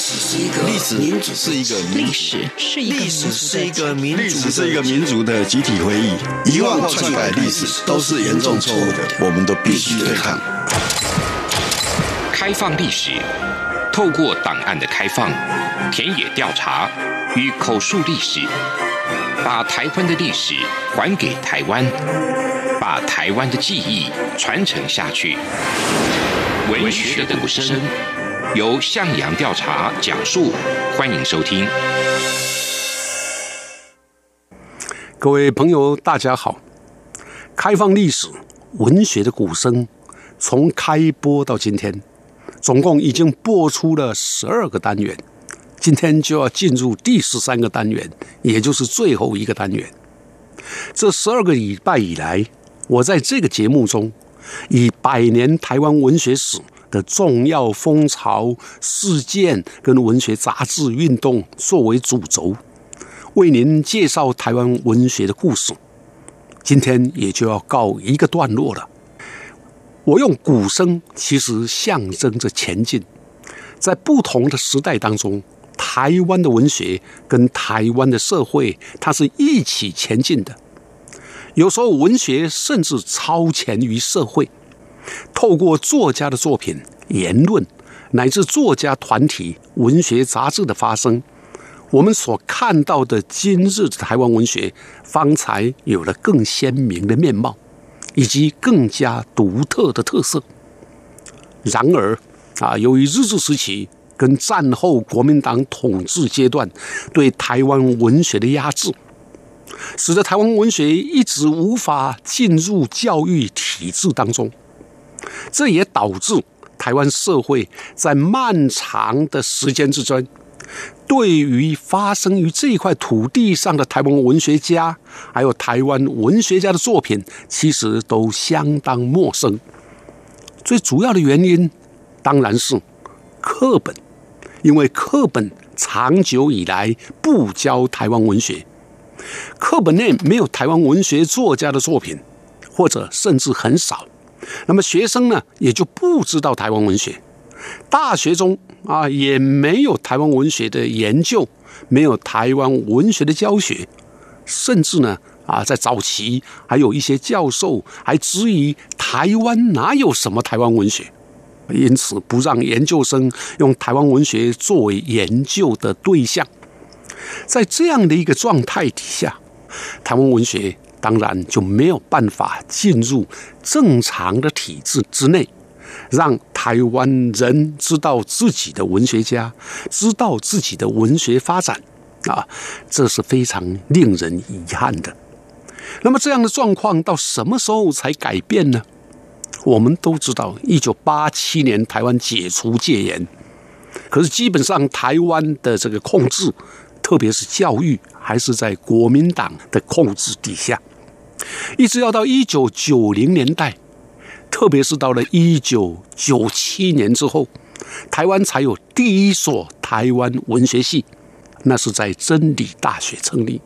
歷史是一個民族，是一個歷史是個，歷史是一個民族的，歷史是一個民族的集體回憶。遺忘或篡改歷史都是嚴重錯誤的，史我們都必須對抗。開放歷史，透過檔案的開放、田野調查與口述歷史，把台灣的歷史還給台灣，把台灣的記憶傳承下去。文學的鼓聲。由向陽調查講述，歡迎收聽。各位朋友，大家好！開放歷史，文學的鼓聲，從開播到今天，總共已經播出了十二個單元。今天就要進入第十三個單元，也就是最後一個單元。這十二個禮拜以來，我在這個節目中以百年台灣文學史，的重要風潮、事件跟文學雜誌運動作為主軸，為您介紹台灣文學的故事。今天也就要告一個段落了。我用鼓聲其實象徵着前進。在不同的時代當中，台灣的文學跟台灣的社會，它是一起前進的。有時候文學甚至超前於社會。透過作家的作品、言論，乃至作家團體、文學雜誌的發聲，我們所看到的今日的台灣文學，方才有了更鮮明的面貌，以及更加獨特的特色。然而，啊，由於日治時期跟戰後國民黨統治階段對台灣文學的壓制，使得台灣文學一直無法進入教育體制當中。這也導致台灣社會在漫長的時間之中，對於發生於這塊土地上的台灣文學家，還有台灣文學家的作品，其實都相當陌生。最主要的原因當然是課本，因為課本長久以來不教台灣文學，課本內沒有台灣文學作家的作品，或者甚至很少。那麼學生呢，也就不知道台灣文學，大學中啊也沒有台灣文學的研究，沒有台灣文學的教學，甚至呢啊在早期還有一些教授還質疑台灣哪有什麼台灣文學，因此不讓研究生用台灣文學作為研究的對象，在這樣的一個狀態底下，台灣文學當然就沒有辦法進入正常的體制之內，讓台灣人知道自己的文學家，知道自己的文學發展，啊，這是非常令人遺憾的。那麼這樣的狀況到什麼時候才改變呢？我們都知道，一九八七年台灣解除戒嚴，可是基本上台灣的這個控制，特別是教育，還是在國民黨的控制底下。一直要到一九九零年代，特別是到了一九九七年之後，台灣才有第一所台灣文學系，那是在真理大學成立。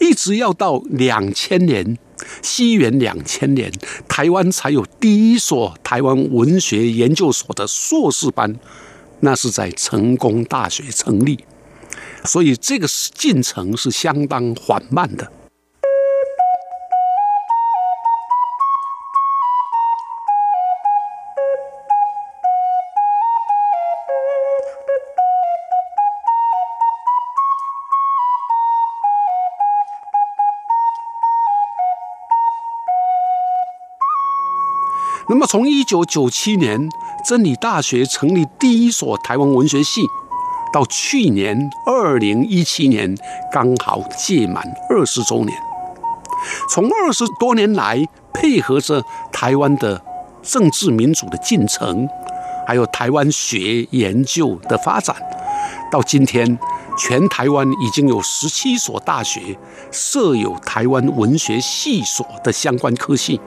一直要到兩千年，西元兩千年，台灣才有第一所台灣文學研究所的碩士班，那是在成功大學成立。所以這個進程是相當緩慢的。那麼從，從1997年真理大學成立第一所台灣文學系，到去年2017年剛好屆滿二十周年，從二十多年來配合着台灣的政治民主的進程，還有台灣學研究的發展，到今天，全台灣已經有十七所大學設有台灣文學系所的相關科系。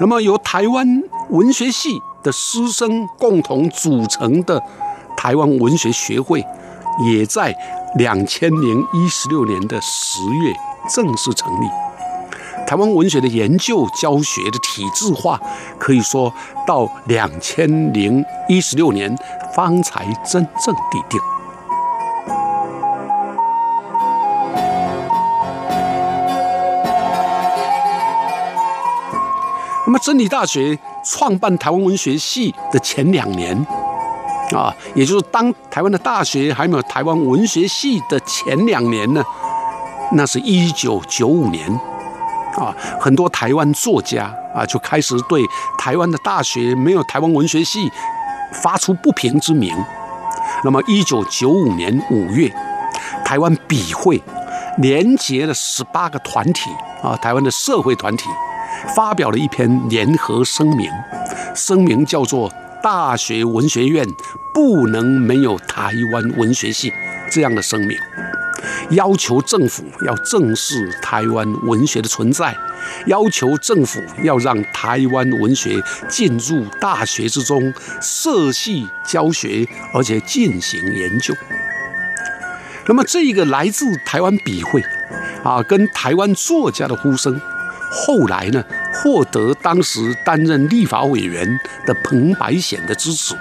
那麼，由台灣文學系的師生共同組成的台灣文學學會，也在2016年的十月正式成立。台灣文學的研究教學的體制化，可以說到2016年方才真正奠定。那麼真理大學創辦台灣文學系的前兩年，啊，也就是當台灣的大學還沒有台灣文學系的前兩年呢，那是一九九五年，啊，很多台灣作家啊就開始對台灣的大學沒有台灣文學系發出不平之鳴。那麼，一九九五年五月，台灣筆會連結了十八個團體啊，台灣的社會團體。發表了一篇聯合聲明，聲明叫做“大學文學院不能沒有台灣文學系”，這樣的聲明，要求政府要正視台灣文學的存在，要求政府要讓台灣文學進入大學之中設系教學，而且進行研究。那麼，這一個來自台灣筆會，啊，跟台灣作家的呼聲。後來呢，獲得當時擔任立法委員的彭百顯的支持，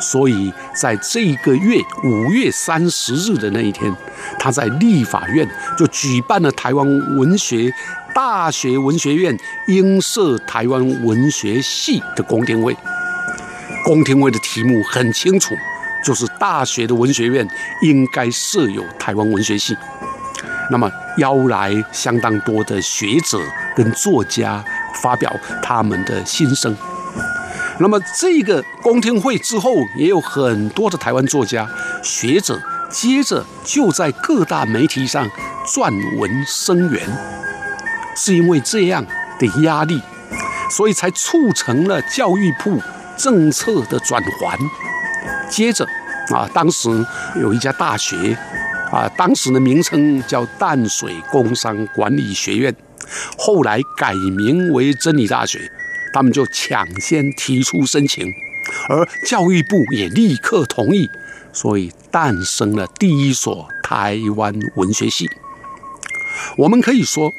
所以在這一個月五月三十日的那一天，他在立法院就舉辦了台灣文學大學文學院應設台灣文學系的公聽會。公聽會的題目很清楚，就是大學的文學院應該設有台灣文學系。那麼邀來相當多的學者，跟作家發表他們的心聲，那麼這個公聽會之後，也有很多的台灣作家、學者，接着就在各大媒體上撰文聲援，是因為這樣的壓力，所以才促成了教育部政策的轉圜。接着啊，當時有一家大學，啊，當時的名稱叫淡水工商管理學院。後來改名為真理大學，他們就搶先提出申請，而教育部也立刻同意，所以誕生了第一所台灣文學系。我們可以說，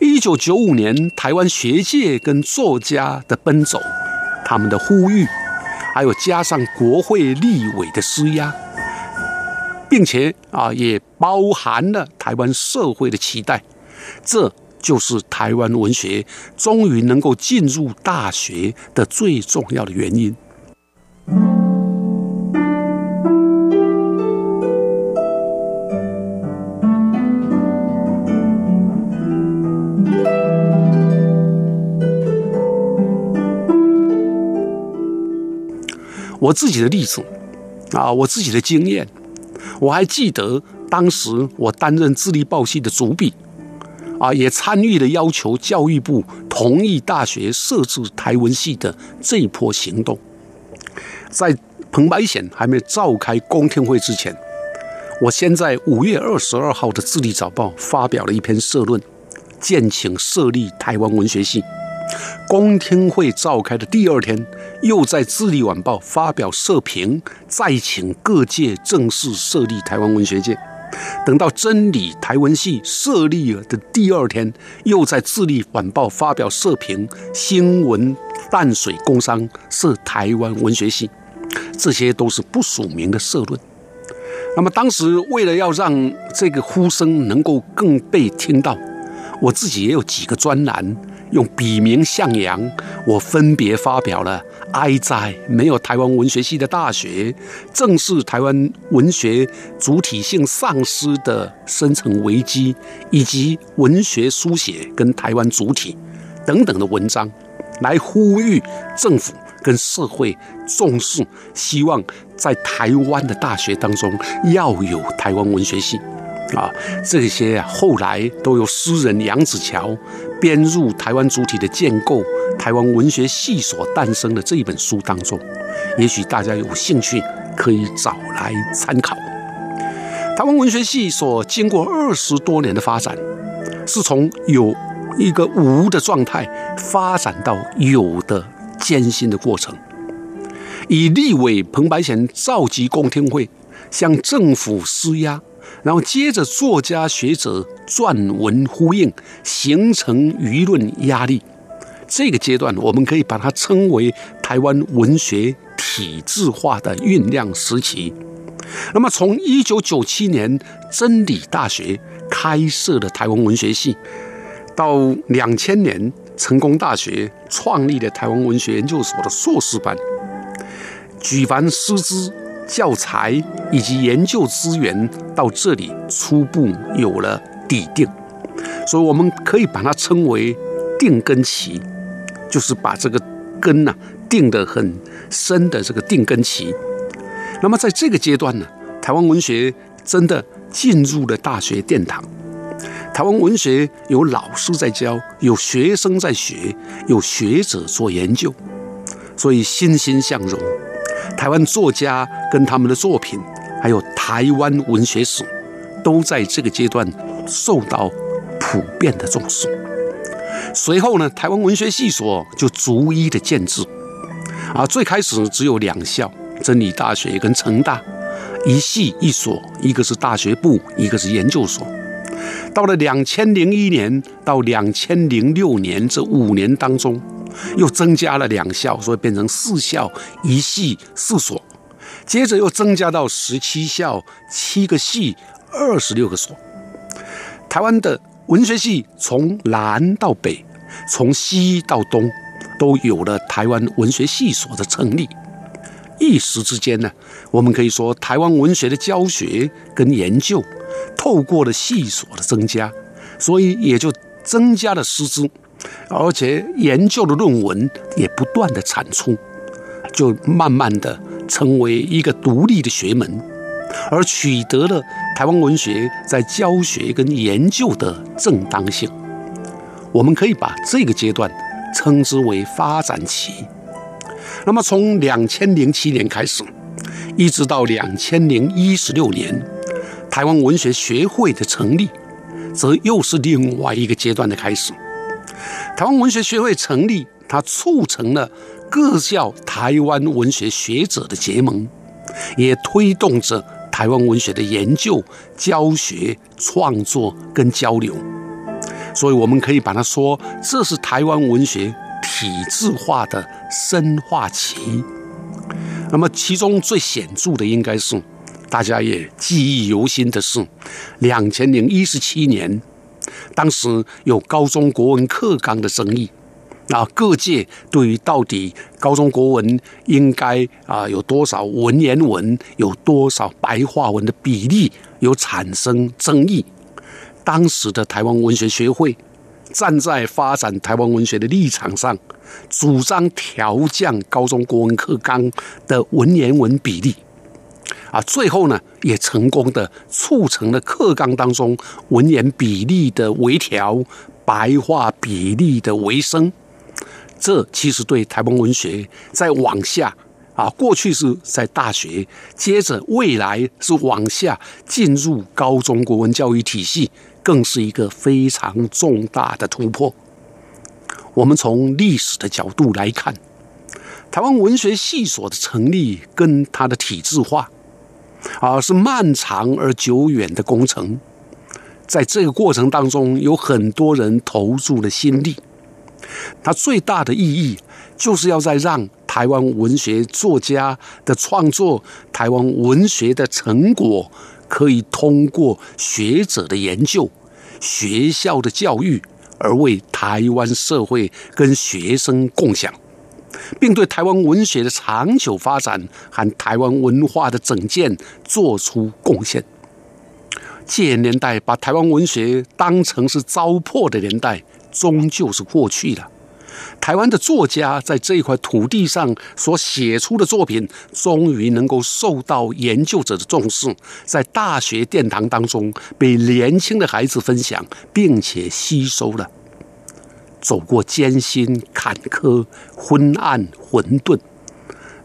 一九九五年台灣學界跟作家的奔走，他們的呼籲，還有加上國會立委的施壓，並且啊，也包含了台灣社會的期待，這。就是台灣文學終於能夠進入大學的最重要的原因。我自己的例子，啊，我自己的經驗，我還記得當時我擔任自立報系的主筆。啊，也參與了要求教育部同意大學設置台文系的這一波行動。在彭百顯還沒召開公聽會之前，我先在五月二十二號的《自立早報》發表了一篇社論，建請設立台灣文學系。公聽會召開的第二天，又在《自立晚報》發表社評，再請各界正式設立台灣文學界。等到真理台文系設立了的第二天，又在《智利晚報》發表社評，新聞淡水工商設台灣文學系，這些都是不署名的社論。那麼當時為了要讓這個呼聲能夠更被聽到，我自己也有幾個專欄，用筆名向陽，我分別發表了。哀哉！在沒有臺灣文學系的大學，正是臺灣文學主體性喪失的深層危機，以及文學書寫跟臺灣主體等等的文章，來呼籲政府跟社會重視，希望在臺灣的大學當中要有臺灣文學系。啊，這些後來都由詩人楊子喬編入台灣主體的建構、台灣文學系所誕生的這一本書當中。也許大家有興趣，可以找來參考。台灣文學系所經過二十多年的發展，是從有一個無的狀態，發展到有的艱辛的過程。以立委彭百賢召集公聽會，向政府施壓。然後接着，作家學者撰文呼應，形成輿論壓力。這個階段，我們可以把它稱為台灣文學體制化的醞釀時期。那麼，從1997年真理大學開設的台灣文學系，到2000年成功大學創立的台灣文學研究所的碩士班，舉凡師資，教材以及研究資源，到這裡初步有了底定，所以我們可以把它稱為定根期，就是把這個根呢、啊、定得很深的這個定根期。那麼在這個階段呢，台灣文學真的進入了大學殿堂，台灣文學有老師在教，有學生在學，有學者做研究，所以欣欣向榮。台灣作家跟他們的作品，還有台灣文學史，都在這個階段受到普遍的重視。隨後呢，台灣文學系所就逐一的建制。啊，最開始只有兩校，真理大學跟成大，一系一所，一個是大學部，一個是研究所。到了兩千零一年到兩千零六年這五年當中，又增加了兩校，所以變成四校一系四所，接着又增加到十七校七個系二十六個所。台灣的文學系從南到北，從西到東，都有了台灣文學系所的成立。一時之間呢，我們可以說台灣文學的教學跟研究，透過了系所的增加，所以也就增加了師資。而且研究的論文也不斷地產出，就慢慢地成為一個獨立的學門，而取得了台灣文學在教學跟研究的正當性。我們可以把這個階段稱之為發展期。那麼從兩千零七年開始，一直到兩千零一十六年，台灣文學學會的成立，則又是另外一個階段的開始。台灣文學學會成立，它促成了各校台灣文學學者的結盟，也推動着台灣文學的研究、教學、創作跟交流。所以，我們可以把它說，這是台灣文學體制化的深化期。那麼，其中最顯著的，應該是大家也記憶猶新的是，兩千零一十七年。當時有高中國文課綱的爭議，啊，各界對於到底高中國文應該啊有多少文言文，有多少白話文的比例，有產生爭議。當時的台灣文學學會站在發展台灣文學的立場上，主張調降高中國文課綱的文言文比例。啊，最後呢，也成功的促成了課綱當中文言比例的微調，白話比例的微升。這其實對台灣文學再往下啊，過去是在大學，接着未來是往下進入高中國文教育體系，更是一個非常重大的突破。我們從歷史的角度來看。台灣文學系所的成立跟它的體制化，啊，是漫長而久遠的工程。在這個過程當中，有很多人投注了心力。它最大的意義，就是要在讓台灣文學作家的創作、台灣文學的成果，可以通過學者的研究、學校的教育，而為台灣社會跟學生共享。並對台灣文學的長久發展和台灣文化的整建做出貢獻。這年代把台灣文學當成是糟粕的年代，終究是過去了。台灣的作家在這一塊土地上所寫出的作品，終於能夠受到研究者的重視，在大學殿堂當中被年輕的孩子分享，並且吸收了。走過艱辛坎坷、坷、昏暗混沌，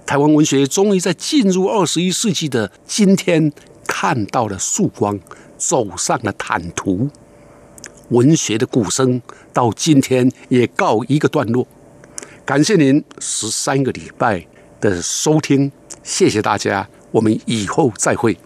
台灣文學終於在進入二十一世紀的今天看到了曙光，走上了坦途。文學的鼓聲到今天也告一個段落。感謝您十三個禮拜的收聽，謝謝大家，我們以後再會。